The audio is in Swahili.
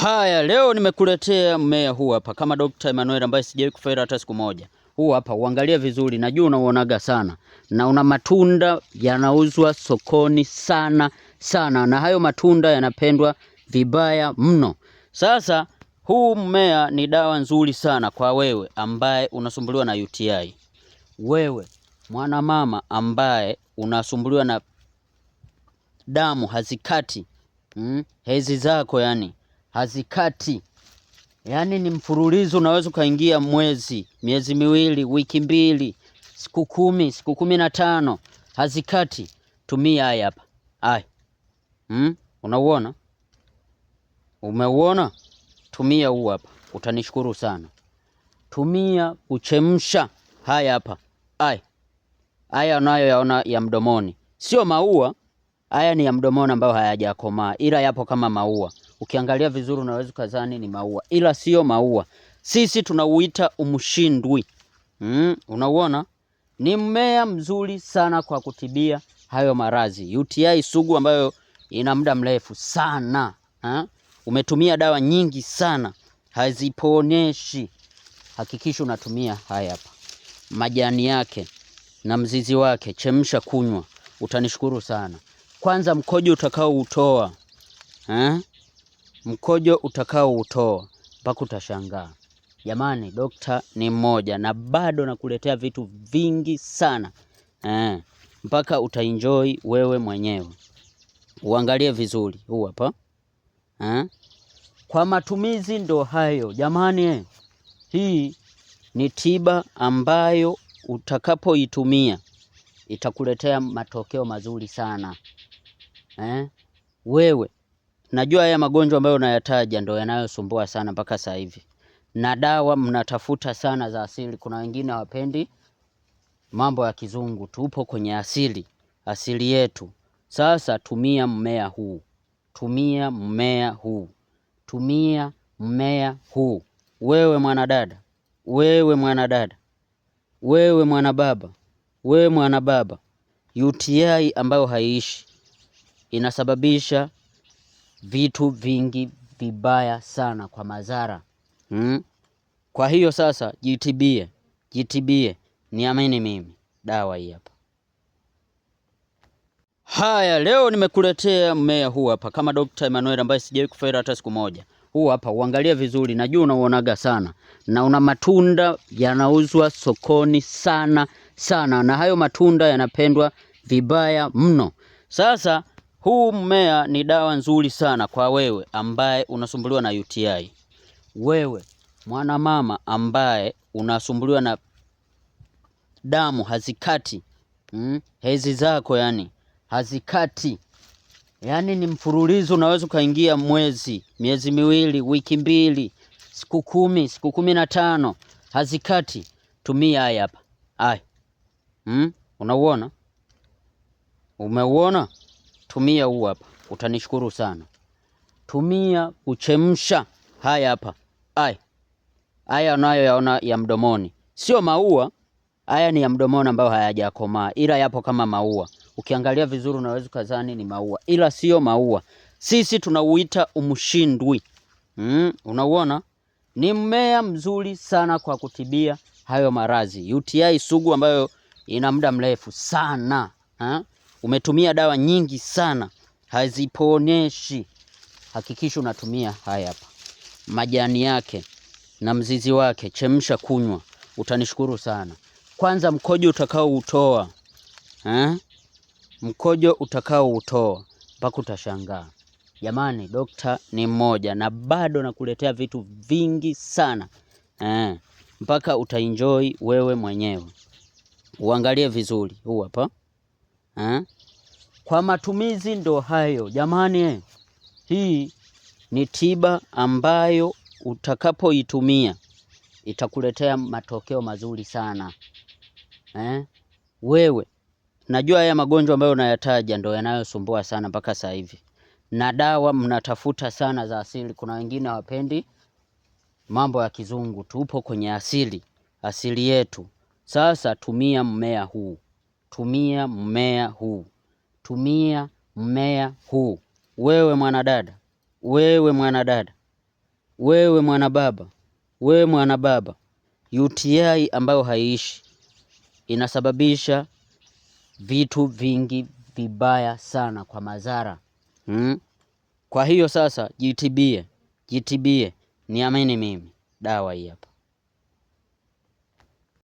Haya, leo nimekuletea mmea huu hapa kama Dr. Emmanuel ambaye sijawahi kufaira hata siku moja. Huu hapa uangalie vizuri, najua unauonaga sana na una matunda yanauzwa sokoni sana sana, na hayo matunda yanapendwa vibaya mno. Sasa huu mmea ni dawa nzuri sana kwa wewe ambaye unasumbuliwa na UTI, wewe mama ambaye unasumbuliwa na damu hazikati, hmm, hezi zako yani hazikati, yaani ni mfululizo. Unaweza ukaingia mwezi, miezi miwili, wiki mbili, siku kumi, siku kumi na tano, hazikati. Tumia haya hapa haya, hmm? Unauona, umeuona? Tumia huu hapa, utanishukuru sana. Tumia kuchemsha haya hapa haya haya unayoyaona ya mdomoni, sio maua. Haya ni ya mdomoni ambayo hayajakomaa, ila yapo kama maua ukiangalia vizuri unaweza ukazani ni maua, ila sio maua. Sisi tunauita umshindwi. Mm, unauona ni mmea mzuri sana kwa kutibia hayo maradhi UTI sugu ambayo ina muda mrefu sana ha? Umetumia dawa nyingi sana haziponeshi. Hakikisha unatumia haya hapa majani yake na mzizi wake, chemsha kunywa, utanishukuru sana. Kwanza mkojo utoa eh, mkojo utakaoutoa mpaka utashangaa. Jamani, dokta ni mmoja na bado nakuletea vitu vingi sana eh, mpaka utaenjoy wewe mwenyewe. Uangalie vizuri huu hapa eh. Kwa matumizi ndo hayo jamani. Eh, hii ni tiba ambayo utakapoitumia itakuletea matokeo mazuri sana eh, wewe Najua haya magonjwa ambayo unayataja ndio yanayosumbua sana mpaka sasa hivi, na dawa mnatafuta sana za asili. Kuna wengine hawapendi mambo ya kizungu, tupo kwenye asili, asili yetu. Sasa tumia mmea huu, tumia mmea huu, tumia mmea huu. Wewe mwanadada, wewe mwanadada, wewe mwanababa, wewe mwanababa, UTI ambayo haiishi inasababisha vitu vingi vibaya sana kwa madhara hmm? Kwa hiyo sasa jitibie, jitibie, niamini mimi, dawa hii hapa. Haya, leo nimekuletea mmea huu hapa, kama Dr. Emmanuel ambaye sijawahi kufaira hata siku moja. Huu hapa uangalia vizuri, najua unauonaga sana na una matunda yanauzwa sokoni sana sana, na hayo matunda yanapendwa vibaya mno. Sasa huu mmea ni dawa nzuri sana kwa wewe ambaye unasumbuliwa na UTI. Wewe mwanamama ambaye unasumbuliwa na damu hazikati, mm, hezi zako yani hazikati, yani ni mfululizo, unaweza ukaingia mwezi, miezi miwili, wiki mbili, siku kumi, siku kumi na tano hazikati. Tumia haya hapa haya, mm, unauona, umeuona tumia huu hapa, utanishukuru sana. Tumia kuchemsha haya hapa, haya haya unayoyaona ya mdomoni, sio maua haya ni ya mdomoni ambayo hayajakomaa, ila yapo kama maua. Ukiangalia vizuri, unaweza kudhani ni maua, ila sio maua. Sisi tunauita umshindwi. Mm, unauona ni mmea mzuri sana kwa kutibia hayo maradhi UTI sugu ambayo ina muda mrefu sana ha? Umetumia dawa nyingi sana haziponyeshi, hakikisha unatumia haya hapa majani yake na mzizi wake, chemsha kunywa, utanishukuru sana. Kwanza mkojo utakao utoa eh, mkojo utakao utoa mpaka utashangaa. Jamani, dokta ni mmoja na bado nakuletea vitu vingi sana eh, mpaka utaenjoy wewe mwenyewe. Uangalie vizuri huu hapa eh? Kwa matumizi ndo hayo jamani. Hii ni tiba ambayo utakapoitumia itakuletea matokeo mazuri sana eh? Wewe najua haya magonjwa ambayo unayataja ndo yanayosumbua sana mpaka sasa hivi, na dawa mnatafuta sana za asili. Kuna wengine hawapendi mambo ya kizungu, tupo kwenye asili, asili yetu. Sasa tumia mmea huu tumia mmea huu, tumia mmea huu. Wewe mwanadada, wewe mwanadada, wewe mwanababa, wewe mwanababa, UTI ambayo haiishi inasababisha vitu vingi vibaya sana kwa madhara hmm. Kwa hiyo sasa, jitibie, jitibie, niamini mimi, dawa hii hapa.